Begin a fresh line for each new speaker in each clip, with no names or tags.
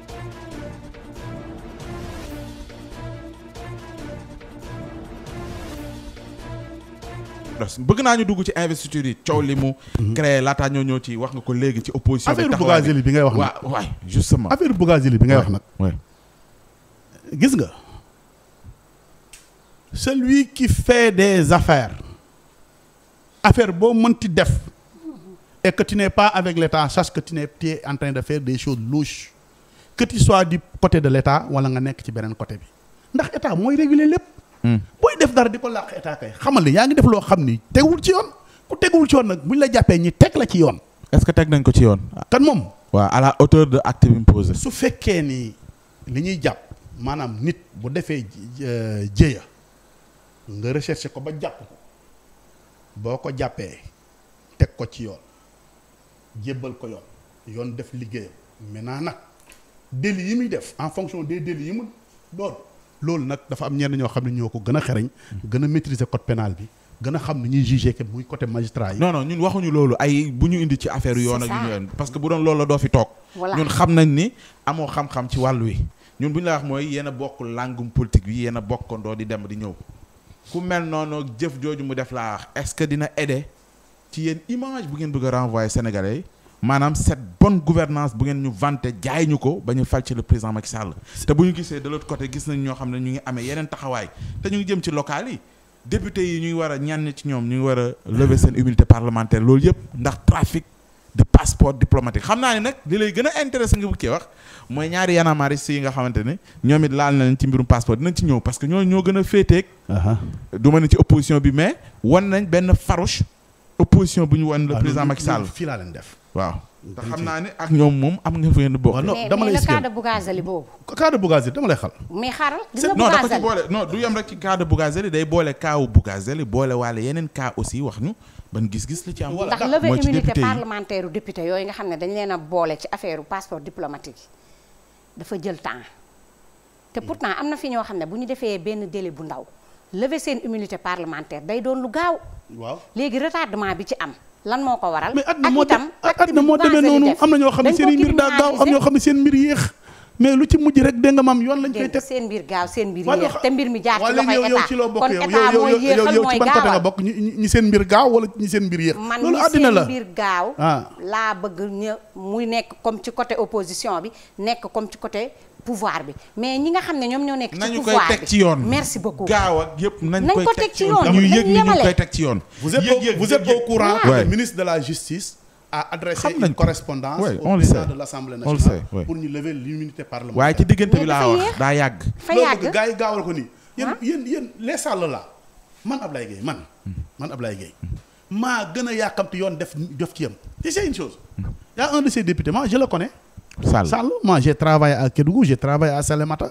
bëgg naa ñu dugg ci investiture yi coow li mu mhm. créé laataa ñoo ñëw ci wax nga ko léegi ci opposition bi bi ngay wax nag waaw waay bi ngay wax nag gis nga celui qui fait des affaires affaire boo mënti def et que tu n'es pas avec l'État sache que tu n'es en train de faire des choses louches que tu sois du côté de l'état wala nga nekk ci beneen côté bi ndax état mooy réguler lépp. Hmm. booy def dara di ko làq état kay xamal ne yaa ngi def loo xam ni teguwul ci yoon ku teguwul ci yoon nag bu buñ la jàppee ñi teg la ci yoon. est-ce que teg nañ ko ci yoon. kan moom. waa à la hauteur de acte bi su fekkee nii li ñuy jàpp maanaam nit bu defee euh, jéeya nga recherché ko ba jàpp ko boo ko jàppee teg ko ci yoon jébbal ko yoon yoon def liggéeyam maintenant délits yi muy def en fonction des délits yi mu doon loolu nag dafa am ñeen ñoo xam ne ñoo ko gën a xereñ gën a maîtriser code pénal bi gën a xam ni ñuy jugé que muy côté magistrat yi. non ñun waxuñu loolu ay bu ñu indi ci affaire yoon ak yu ñu yoon parce que bu doon loolu la doo fi toog. ñun xam nañ ni amoo xam-xam ci wàll wi. ñun bu ñu la wax mooy yéen a bokk langum politique bi yéen a bokkandoo di dem di ñëw ku mel noonu jëf jooju mu def laa wax est-ce que dina aider ci yéen image bu ngeen bëgg a renvoyer sénégalais maanaam cette bonne gouvernance bu ngeen ñu vante jaay ñu ko ba ñu fal ci le président Macky Sall te bu ñu gisee de l'autre côté gis nañ ñoo xam ne ñu ngi amee yeneen taxawaay te ñu ngi jëm ci local yi député yi ñu ngi war a ñaan ci ñoom ñu ngi war a lever seen immunité parlementaire loolu yëpp ndax trafic de passeport diplomatique xam naa ne nag li lay gën a intéressé nga bukkee wax mooy ñaari yanamaari si yi nga xamante ne ñoom it laal na leen ci mbirum passeport dinañ ci ñëw parce que ñoo ñoo gën a féeteeg du ma ne bi mais wan nañ benn farouche opposition bu ñu wan le ah, président Macky fii laa leen def waaw. te xam naa ne ak ñoom moom am nga fenn bokk. non dama lay mais le cas de
Bougazelli boobu.
cas de Bougazelli dama lay xal.
mais xaaral gis
nga Bougazelli day boole cas wu Bougazelli boole waale yeneen cas aussi wax ñu ban gis-gis la ci am. ndax levée immunité parlementaire
député yooyu nga xam ne dañ leen a boole ci affaire passeport diplomatique dafa jël temps te pourtant am na fi ñoo xam ne bu ñu defee benn délai bu ndaw lever seen immunité parlementaire day doon lu gaaw. waaw léegi retardement bi ci am. lan moo ko waral. mais àddina moo dem
àddina moo demee noonu am na ñoo xam ne seen mbir daa gaaw am ñoo xam ne seen mbir yéex. mais lu ci mujj rek dégg nga yoon lañ koy teg
seen mbir gaaw seen mbir yéex te mi jaar ci loxoy état ci loo bokk kon état
bokk ñi seen mbir gaaw wala ñi seen mbir yéex man loolu àddina la mbir
gaaw ah. laa bëgg ñu muy nekk comme ci côté opposition bi nekk comme ci côté pouvoir bi mais ñi nga xam ne ñoom ñoo nekk. ci pouvoir bi teg ci yoon. merci beaucoup gaaw
ak yëpp nañ ko teg ci yoon ñu yëg ñu koy teg ci yoon. vous êtes vous êtes au courant de la justice. a adressé une correspondance au président de l'Assemblée nationale pour ñu lever l'immunité parlementaire. waaye ci diggante bi laa wax daa yàgg. loolu gars yi gaawal ko nii. yéen ah. yéen yéen les sàll la man Ablaye Gueye man man Ablaye Gueye maa gën a yàkkamti yoon def def ci yam c'est une chose y a un de ces députés moi Sall Sall moi j'ai travaillé à Kédougou j'ai travaillé à Salémata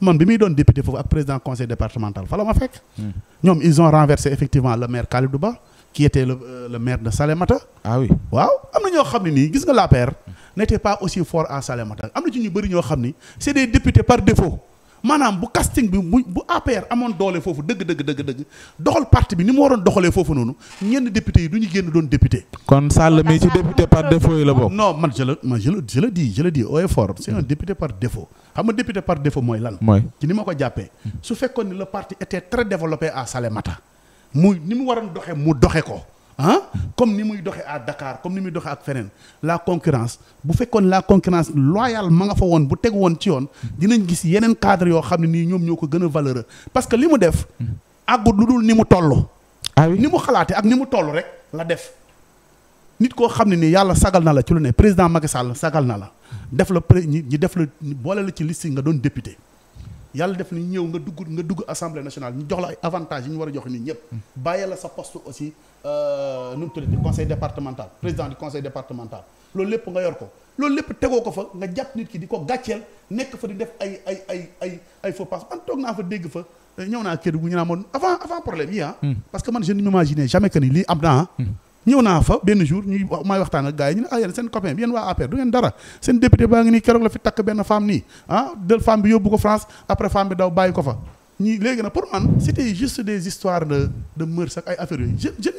man bi muy doon député foofu ak président conseil départemental fala la ma fekk. Hmm. ñoom ils ont renversé effectivement le maire Khalidou Ba qui était euh, maire de Salémata. ah oui waaw am na ñoo xam ne nii gis nga l'APR n'était pas aussi fort à Salémata am na ci ñu bëri ñoo xam ni c'est des députés par défaut. maanaam bu casting bi bu bu APR amoon doole foofu dëgg dëgg dëgg dëgg doxal parti bi ni mu waroon doxalee foofu noonu ñenn député yi du ñu génn doon député. kon Sall mi ci député par défaut yi la bokk. non man je le man je le je le député par défaut xam nga député par défaut mooy lan. mooy ci ni ma ko jàppee. su fekkoon ni le parti était très développé à Salémata mu ni mu waroon doxee mu doxee ko. ah comme ni muy doxee à dakaar comme ni muy doxee ak feneen la concurrence bu fekkoon la concurrence loyal ma nga fa woon bu teg woon ci yoon dinañ gis yeneen cadre yoo xam ne nii ñoom ñoo ko gën a valeur parce que li mu def àggut lu dul ni mu toll ah oui ni mu xalaate ak ni mu toll rek la def nit koo xam ne nii yàlla sagal na la ci lu ne président Macky sagal na la def la ñi def la boole la ci liste nga doon député yàlla def na ñëw nga dugg nga dugg assemblée nationale ñu jox la ay avantages yi ñu war a jox nit ñëpp. Hmm. bàyyi la sa poste aussi euh, nu mu tuddati conseil départemental président du conseil départemental loolu lépp nga yor ko. loolu lépp tegoo ko fa nga jàpp nit ki di ko gàcceel nekk fa di def ay ay ay ay ay faux pas naa fa dégg fa ñëw naa kër gu ñu naan moom avant avant problème yi ah. Hmm. parce que man je n'imaginais jamais que ni lii am na ah. hmm. ñëw naa fa benn jour ñuy maay waxtaan ak gars ñu ne ah yéen seen copain bi yéen waa APR du ngeen dara seen député baa ngi nii keroog la fi takk benn femme nii ah del femme bi ko France nag pour man des histoires de de mœurs ay affaires yooyu je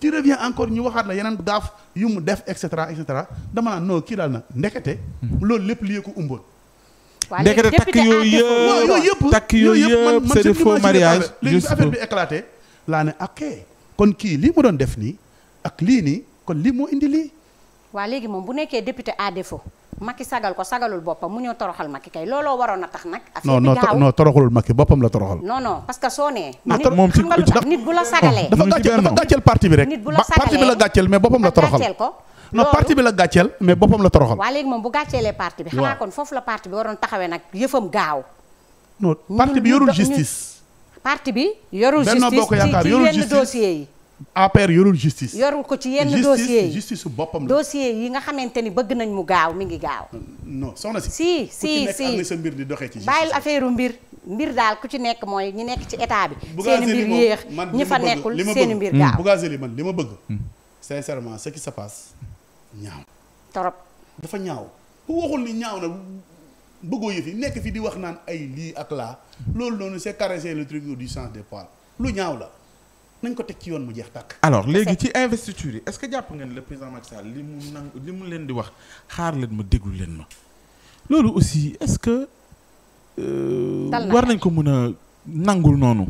je encore ñu waxaat la yeneen gaaf mu def et cetera et cetera dama naan non daal na ndekete hmm. loolu lépp liyee ko umboon ndekete takk yooyu yëpp takk yooyu yëpp c'est de faux mariage léegi affaire bi éclaté laa ne akkee kon kii lii mu doon def nii ak lii nii kon lii moo indi lii.
waa léegi moom bu nekkee député à défaut Macky sagal ko sagalul boppam mu ñëw toroxal Macky kay looloo waroon a tax nag. affaire bi gaaw non non
toroxalul Macky boppam la
parce que soo nee. Ah, moom ci nit bu la sagalee. dafa gàcceel
parti bi rek. nit bu la sagalee parti bi la gàcceel mais boppam la toroxal ko. non parti bi la gàcceel mais boppam la toroxal.
waa léegi moom bu gàcceelee parti bi. waaw xanaa kon foofu la parti bi waroon taxawee nag yëfam gaaw.
parti bi yorul justice.
parti bi yorul justice Benno Bokk Yaakaar yorul justice ci yenn dossiers yi.
APR yorul justice. yorul
ko ci yenn dossiers yi
justice su boppam la.
dossiers yi nga xamante ni bëgg nañ mu gaaw mi ngi gaaw. non soxna si. si si si ku ci nekk sa
mbir di doxee ci. bàyyil
affaire mbir mbir daal ku ci nekk mooy ñi nekk ci état bi. seen mbir yéex ñi fa nekkul seen mbir gaaw. Mm.
Bougazelli man li ma bëgg. Mm. sincèrement ce qui se passe ñaaw. trop dafa ñaaw ku waxul ni ñaaw na. bëggoo yëf yi nekk fi di wax naan ay lii ak laa loolu noonu c'est caresser le truc du sens des poils lu ñaaw la nañ ko teg ci yoon mu jeex tàkk. alors léegi ci investiture yi est-ce que jàpp ngeen le président Macky Sall li mu nang li mu leen di wax xaar leen ma déglu leen ma loolu aussi est-ce que. Euh, war nañ ko mën a nangul noonu.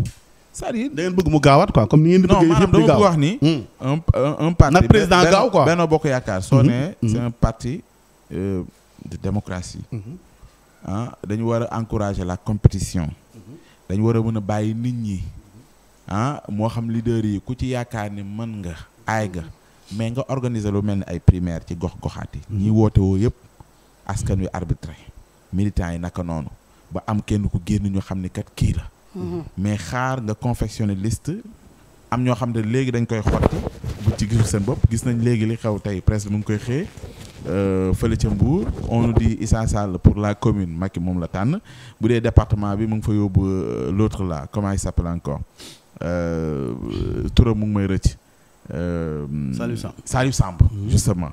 c'est-à-dire da ngeen bëgg mu gaawaat quoi comme ni ngeen di bëgg yëpp di gaaw wax ni. Hmm. un un parti nag président gaaw quoi Benno Bokk Yaakaar soo hmm. ne hmm. c'est un parti euh, de démocratie. ah dañu war a encourager la compétition mhm. dañu war a mën a bàyyi nit ñi ah moo xam leader yi ku ci yaakaar ni mën nga aay nga mais nga organiser lu mel ni ay primaire ci gox goxaati yi. Mhm. ñi woote woo yëpp askan wi arbitré militants yi naka noonu ba am kenn ku génn ñu xam ni kat kii la. Mhm. mais xaar nga confectionner list am ñoo xam ne léegi dañ koy xotti bu ci gis seen bopp gis nañ léegi li xew tey presse mu ngi koy xëyee. Euh, fële ca Mbour on nous dit Issa Sall pour la commune Macky moom la tànn bu dee département bi mu ngi fa yóbbu euh, l'autre là comment il s'appelle encore euh, turam mu ngi may rëcc. Saliou Samb Saliou Samb mhm. justement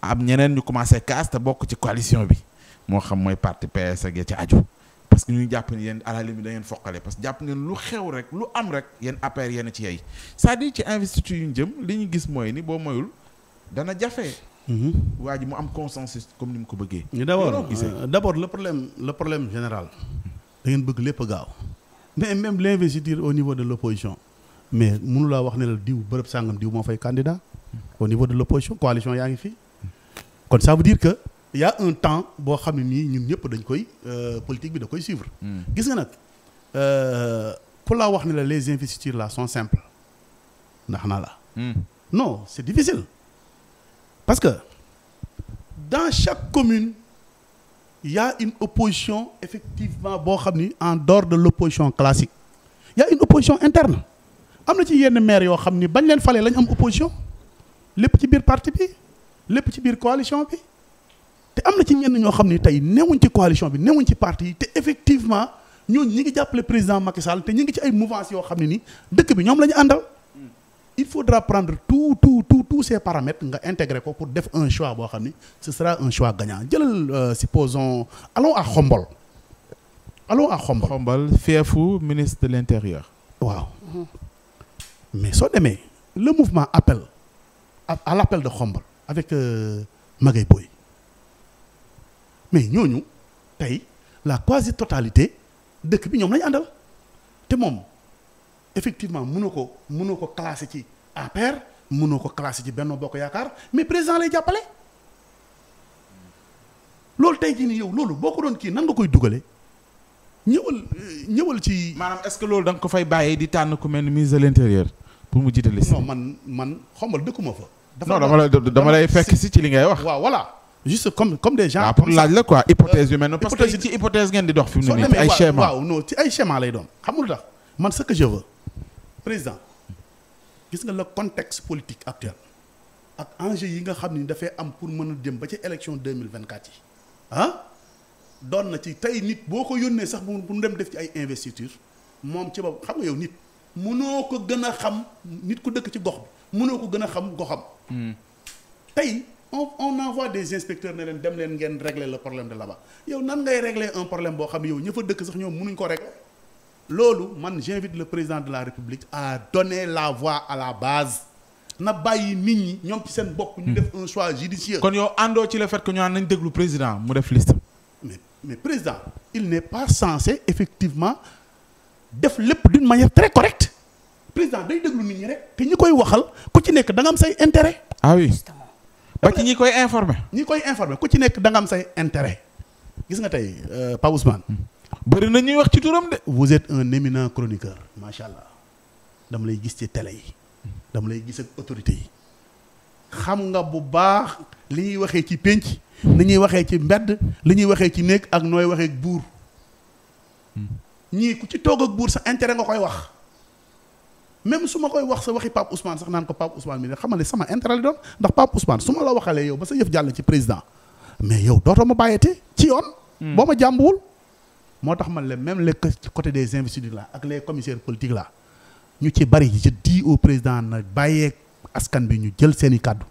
am ñeneen ñu commencé casse te bokk ci coalition bi moo xam mooy parti PS ak ya ci ajo parce que ñu jàpp ni yéen à la limite da ngeen foqale parce que jàpp ngeen lu xew rek lu am rek yéen APR yéen ci yey cest à ci investiture yu ñu jëm li ñu gis mooy ni boo moyul Mm-hmm. waa ji mu am consensus comme ni mu ko bëggee. d' abord euh, d' abord le problème le problème général. da ngeen bëgg lépp a gaaw. mais même l' investiture au niveau de l' opposition. mais munu laa wax ne la diw bërëb sàngam diw moo fay candidat. au niveau de l' opposition coalition yaa ngi fi kon ça veut dire que y' un temps boo xam ne nii ñun ñëpp dañ koy euh, politique bi da koy suivre. Mm. gis nga nag ku euh, laa wax ne la les investitures là sont simples ndax naa la. Mm. non c' difficile. parce que dans chaque commune il une opposition effectivement boo xam ni en dehors de l'opposition classique il y a une opposition interne am na ci yenn maire yoo xam ni bañ leen falee lañu am opposition lépp ci biir parti bi lépp ci biir coalition bi te am na ci ñenn ñoo xam ni tey néewuñ ci coalition bi newuñ ci parti te effectivement ñooñu ñi ngi jàppale président Macky te ñi ngi ci ay mouvance yoo xam ne nii dëkk bi ñoom la ñu àndal il faudra prendre tout tout tout tous ces paramètres nga intégrer ko pour def un choix boo xam ni ce sera un choix gagnant jëlal euh, supposons allons à Xombol allons à Xombol. feefu ministre de l'intérieur. waaw mais soo demee le mouvement appel à l'appel de Xombol avec euh, Magay Boy mais ñooñu tey la quasi totalité dëkk bi ñoom lañu àndal te moom. effectivement mënoo ko mënoo ko classé ci APR mënoo ko classé ci Benno Bokk Yaakaar mais président lay jàppale loolu tey jii nii yow loolu boo ko doon kii nan nga koy dugale ñëwal ñëwal ci. maanaam est-ce que loolu da ko fay bàyyee di tànn ku mel ni ministre de l'intérieur pour mu jiite liste. non man man xombal dëkkuma fa. dafa dama lay dama si ci li ngay wax. waaw voilà juste comme comme des gens. Ah, pour laaj la quoi hypothèse euh, yu mel noonu. parce que ay schéma lay doon xam nga lu tax man président gis nga la contexte politique actuel ak enjeu yi nga xam ni dafay am pour mën a jëm ba ci élection 2024 yi ah doon na ci tey nit boo ko yónnee sax bu mu dem def ci ay investiture moom ci bopp xam nga yow nit mënoo ko gën a xam nit ku dëkk ci gox bi mënoo ko gën a xam goxam hmm. tey on on envoie des inspecteurs ne leen dem leen ngeen régler le problème de là-bas yow nan ngay régler un problème boo xam ne yow ña dëkk sax ñoom mënuñ ko régler loolu man j'invite le président de la République à donner la voix à la base na bàyyi nit ñi ñoom ci seen bopp. ñu hmm. def un choix judicieux. kon yow àndoo ci le fait que ñu ànd nañ déglu président mu def liste. mais mais président il n'est pas censé effectivement def lépp d'une manière très correcte président day déglu nit ñi rek te ñi koy waxal ku ci nekk da am say intérêt. ah oui ba ci ñi koy informer. ñi koy informer ku ci nekk da am say intérêt gis nga tey euh, Pape Ousmane. Hmm. bari na ñuy wax ci turam de vous êtes un éminent chroniqueur macha allah dama lay gis ci télé yi dama lay gis ak autorité yi xam nga bu baax li ñuy waxee ci pénc li ñuy waxee ci mbedd li ñuy waxee ci néeg ak nooy waxee ak buur ñii ku ci toog ak buur sa intérêt nga koy wax même su ma koy wax sa waxi Pape Ousmane sax naan ko Pape Ousmane mi ne xamal ne sama intérêt la doon ndax Pape Ousmane su ma la waxalee yow ba sa yëf jàll ci président mais yow dootoo ma bàyyete ci yoon. Hmm. boo ma jàmbuwul. moo tax man leen même les côté des investitures là ak les commissaires politiques là ñu ci bari je dis au président na bàyyeeg askan bi ñu jël seen i kàddu.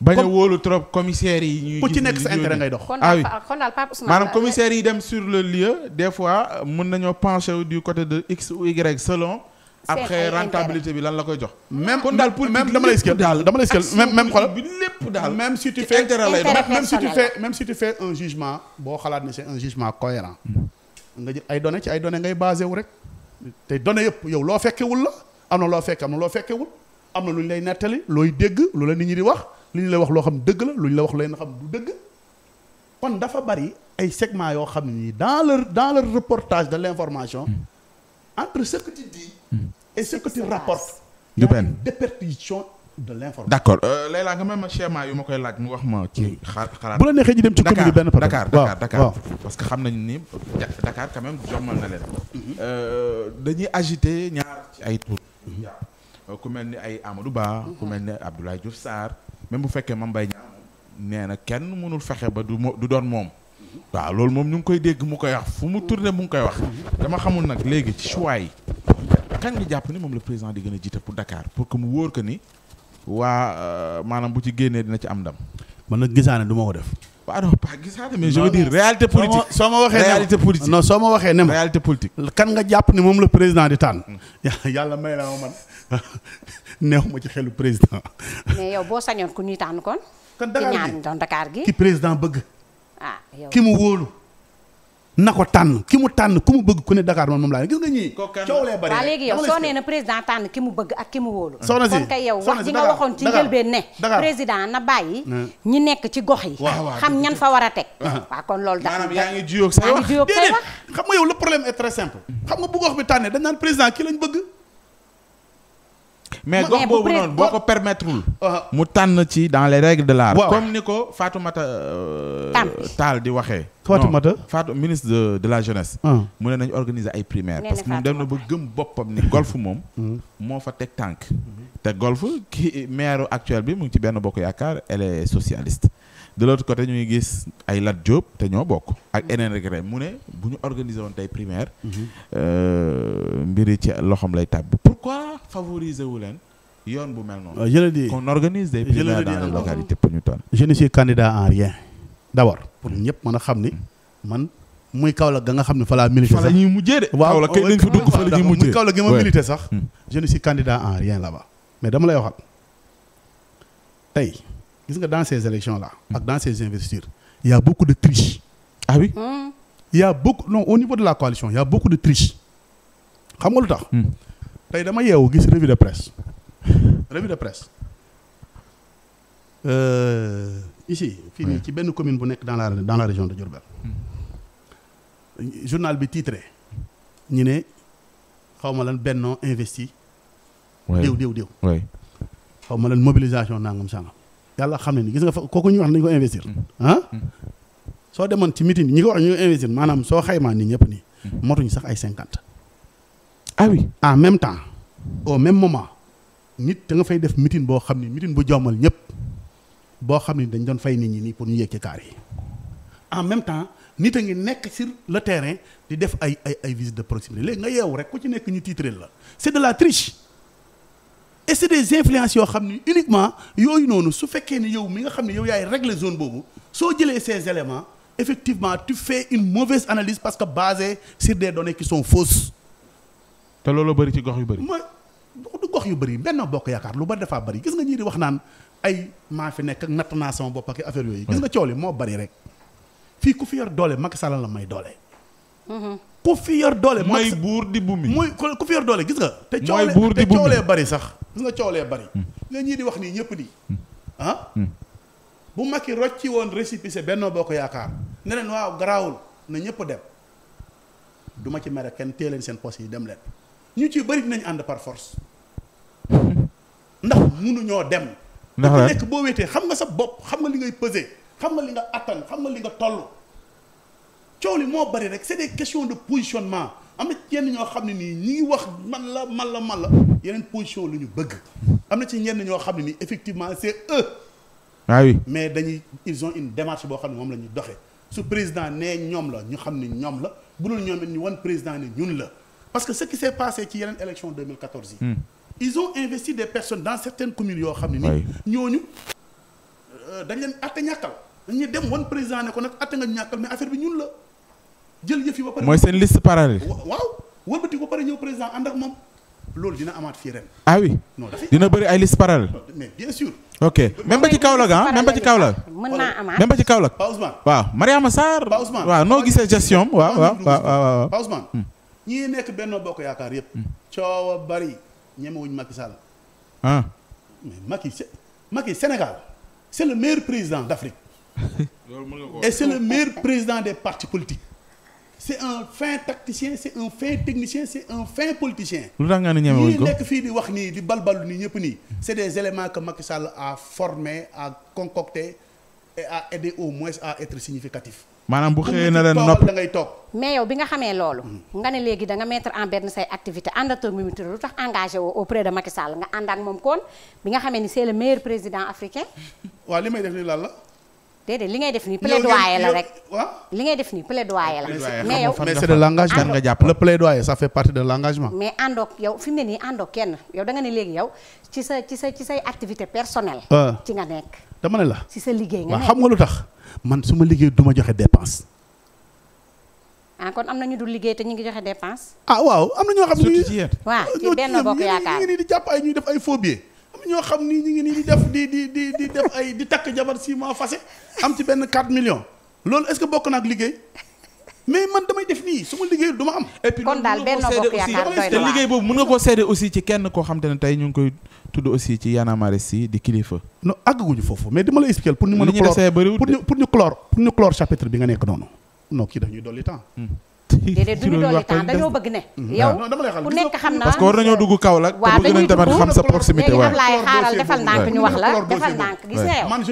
bañ a wóolu trop commissaires yi. ñuy ku ci nekk sa intérêt ngay dox. ah kon
daal Pape Ousmane maanaam commissaires yi
dem sur le lieu des fois mën nañoo pencher du côté de x ou y selon. après rentabilité bi lan la koy jox. même kon daal politique dama lay iskeel daal dama lay iskeel même même xool lépp daal. même si tu fais intérêt lay même si tu un jugement boo xalaat ne c'est un jugement cohérent nga jël ay données ci ay données ngay basé wu rek te données yëpp yow loo fekkewul la am na loo fekk am na loo fekkewul am na lu ñu lay nettali looy dégg lu la nit ñi di wax li ñu lay wax loo xam dëgg la lu ñu la wax looy xam du dégg kon dafa bari ay segments yoo xam ni dans leur dans leur reportage de l'information. entre ce ce que tu mm. rapportes. du benn déperdition de l'information. d'accord euh, léeg-léeg nga même schéma yu ma koy laaj mu wax ma ci mm. xalaat. bu la neexee ñu dem ci commune bi benn par Dakar Dakar parce que xam nañu ni Dakar quand même jommal na leen. Mm-hmm. Euh, dañuy agité ñaar ci ay tur. Mm-hmm. Euh, ku mel ni ay Amadou Ba. Mm-hmm. ku mel ni Abdoulaye Diouf Sarr. même bu fekkee Mame Mbaye Niang nee kenn mënul fexe ba du du doon moom. waaw loolu moom ñu ngi koy dégg mu koy wax fu mu tourné mu ngi koy wax dama xamul nag léegi ci choix kan nga jàpp ni moom la président di gën a jiite pour Dakar pour que mu wóor que ni waa euh, maanaam bu ci génnee dina ci am ndam. man nag gisaane du ma ko def. waaw non pas gisaane mais je veux réalité politique soo ma waxee réalité politique ma waxee ne ma réalité politique. kan nga jàpp ni moom la président di tànn. Hmm. yàlla may la ma man ci xelu président.
mais yow boo sañoon ku ñuy tànn kon. kon gi ci ñaan doon Dakar gi. ki
président bëgg.
ah yow ki mu wóolu.
na ko tànn ki mu tànn ku mu bëgg ku ne Dakar man moom laa ne gis nga ñii. coow léegi yow soo nee
na président tànn ki mu bëgg ak ki mu wóolu. soxna si kon kay yow wax ji nga waxoon ci njëlbeen ne. président na bàyyi. ñi nekk ci gox yi. xam ñan fa war a teg. waaw kon
loolu daal maanaam yaa ngi juyoo ak say wax xam nga yow le problème est très simple. xam nga bu gox bi tànnee dañ naan président ki lañ bëgg. mais gox boobu noonu boo ko permettrewul ah. mu tànn ci dans les règles de l'art comme ni ko Fatoumata euh, Tall di waxee Fatoumata Fatou ministre de de la jeunesse ah. mu ne nañu organiser ay primaires parce que moom dem na ba gëm boppam ni golf moom moo fa teg tànk te golf ki maire actuelle bi mu ngi ci benn bokk yaakaar elle est socialiste de l'autre côté ñu ngi gis ay Lat Diop te ñoo bokk ak mm-hmm. eneen regret mu ne bu ñu organiser woon tey primaire mm-hmm. euh, mbiri ci loxoom lay tàbb pourquoi favoriser wu leen yoon bu mel noonu. Euh, je le dis qu'on organise des primaires dans les localités pignotane. je ne suis candidat en rien. d'abord pour hmm. ñëpp mën a xam ni hmm. man muy Kaolack ga nga xam ne fa laa milité sax fa la ñuy mujjee de. waaw Kaolack kay dañ fa dugg fa la ñuy mujjee muy Kaolack gi ma milité sax. Hmm. je ne suis candidat en rien là-bas. mais dama lay waxal tey gis nga dans ces élections là. ak dans ces investitures. y a beaucoup de triche. ah oui. y a beaucoup non au niveau de la coalition y a beaucoup de triche xam nga lu tax. tey dama yeewu gis revue de presse revue de presse euh, fii nii ci benn commune bu nekk dans la dans la région de hmm. journal bi titré ñu ne xaw ma lan Benno investi déw déw xaw ma lan mobilisation nangam sangam yàlla xam ne ni gis nga fa kooku ñu wax nañu ko investir hmm. Hmm. soo demoon ci meeting ñi ko wax ñu investir maanaam soo xaymaa ni ñëpp nii motuñ sax ay cinquante ah en même temps au même moment nit da nga fay def meeting boo xam ne meeting bu jommal ñëpp boo xam ne dañ doon fay nit ñi nii pour ñu yegg ci kaar yi en même temps nit a ngi nekk sir le terrain di def ay ay ay visite de proximité léegi nga yeewu rek ku ci nekk ñu titré la c'est de la triche et c'est des yoo xam ni uniquement yooyu noonu su fekkee ne yow mi nga xam ne yow yaay régler zone boobu soo jëlee ces éléments effectivement tu fait une mauvaise analyse parce que basée sur des données qui sont te loolu bari ci gox yu bari ma du gox yu bari benn bokk yaakaar lu bari dafaa bari gis nga ñii di wax naan ay maa fi nekk ak bopp ak affaire yooyu. gis nga coow li moo bëri rek. fii ku fi yor doole mag Sall la may doole. Mm-hmm. ku fi yor doole. may buur di bumi muy ku fi yor doole gis nga. te coow te coow lee bari sax. gis nga coow lee bëri. la mm. ñii di wax nii ñëpp di mm. ah. Mm. bu Macky rocci woon récépissé Benno Bokk Yaakaar ne waaw garaawul na ñëpp dem duma ci mere kenn téye seen poste yi dem leen. ñu ci bëri dinañ ànd par force ndax ñoo dem. ndax ku nekk boo wéetee xam nga sa bopp xam nga li ngay peser xam nga li nga attan xam nga li nga toll. coow li moo bëri rek c'est des question de positionnement am na ci ñoo xam ne nii ñi ngi wax man la man la man la yeneen position lu ñu bëgg. am na ci ñenn ñoo xam ne nii effectivement c'est eux. ah mais dañuy ils ont une démarche boo xam ne moom la ñu doxee su président nee ñoom la ñu xam ne ñoom la bu dul ñoom it ñu wan président ne ñun la. parce que ce qui s'est passé ci yeneen élection 2014 yi. Hmm. ils ont investi des personnes dans certaines communes yoo xam ne ni ñooñu euh, dañ leen atte ñàkkal dañuy dem wan président ne ko nag atte nga ñàkkal mais affaire bi ñun la jël yëf yi ba pare. mooy seen liste parallèle. waaw ti ko pare ñëw président ànd ak moom loolu dina amaat fii ren. ah oui dina bëri ay liste parallèle. mais bien sûr. ok ah, même ba ci Kaolack ah même ba ci kaw mën naa amaat même ba ci Kaolack. waaw Mariama Sarr. waaw noo gisee gestion am ñii nekk Benno Bokk Yaakaar yëpp. Hmm. coow a bari ñemewuñ Macky Sall. ah. mais Macky Macky Sénégal c' le meilleur président d' Afrique. et c' le maire président des partis politiques. c' est un fin tacticien c' est un fin technicien c' un fin politicien. lu tax nga ne ñemewuñ ko ñii nekk fii di wax nii di balbalu nii ñëpp nii. c' est des éléments que Macky Sall a formé a concocté et a aidé au moins à être significatif. maanaam bu xëyee na leen nopp da ngay
mais yow bi nga xamee loolu nga ne léegi da nga mettre en berne say activité ànd ak Mimi Touré lu tax engagé woo auprès de Macky Sall nga ànd ak moom koon bi nga xamee ni c'est le meilleur président africain
waaw li may def ni lan la
déedéet li ngay def nii plaidoyer la rek. li ngay def nii plaidoyer la. mais yow mais c'est de l'engagement
nga jàpp le ah. plaidoyer ça fait partie de l'engagement.
mais àndoog yow fi mu ne nii àndoog kenn yow da ne léegi yow ci sa ci sa ci say activité personnelle. Ah. ci nga nekk.
dama ne la ci sa
liggéey nga nekk xam nga lu
tax man su ma liggéey du ma joxe dépense.
ah kon am na ñu dul liggéey te ñu ngi joxe dépense.
ah waaw am na ñoo xam ne. di jàpp ay ñoo xam ni ñu ngi nii di def di di di di def ay di takk jabar six fase am ci benn 4 millions loolu est bokk na ak liggéey mais man damay def nii su ma liggéeyul du ma am. te liggéey boobu mën nga koo seede aussi ci kenn koo xam te ne tey ñu ngi koy tudd aussi ci Y'en a si di kilifa. non àgguñu foofu mais dama la expliquer pour ñu mën a. pour pour ñu clore chapitre bi nga nekk noonu. non kii daf ñuy dolli temps. Hmm.
déedéet du ñu dolli temps dañoo bëgg ne. Mm-hmm. yow ah, ku nekk xam naa parce que war nañoo dugg
Kaolack. waaw dañuy dugg xam sa proximité waaw xaaral defal ndànk ñu wax la defal ndànk gis nga yow. man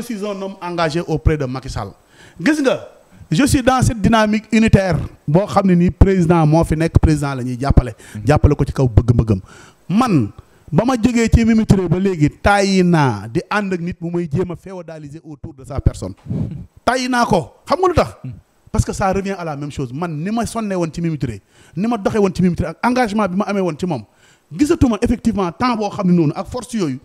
je suis dans cette dynamique unitaire boo xam ne nii président moo fi nekk président la ñuy jàppale. Mm-hmm. jàppale ko ci kaw bëgg-bëggam man. ba ma jógee ci Mimi Touré ba léegi tàyyi naa di ànd ak nit bu may jéem a féodaliser autour de sa personne tàyyi naa ko xam nga lu tax mm. parce que ça revient à la même chose man ni ma sonnee woon ci Mimi Touré ni ma doxee woon ci ak engagement bi ma amee woon ci moom gisatuma effectivement temps boo xam ne noonu ak force yooyu